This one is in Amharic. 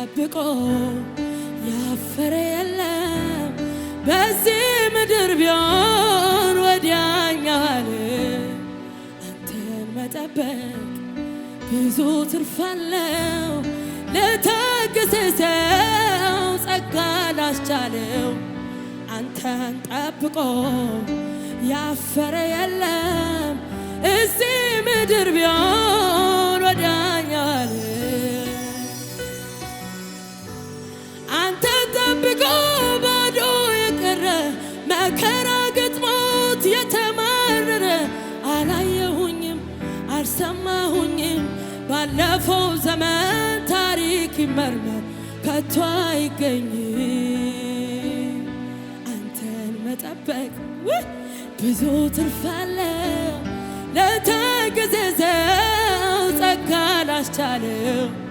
ጠብቆ ያፈረ የለም በዚህ ምድር ቢሆን ወዲያኛል አንተን መጠበቅ ብዙ ትርፋለው ለታገሰ ሰው ጸጋ ላስቻለው አንተን ጠብቆ ያፈረ የለም እዚህ ምድር ቢሆን ተደብቆ ባዶ የቀረ መከራ ገጥሞት የተማረረ አላየሁኝም፣ አልሰማሁኝም። ባለፈው ዘመን ታሪክ ይመርመር ከቶ አይገኝም። አንተን መጠበቅ ብዙ አለ ለተገዘዘው ጸጋ ላስቻለው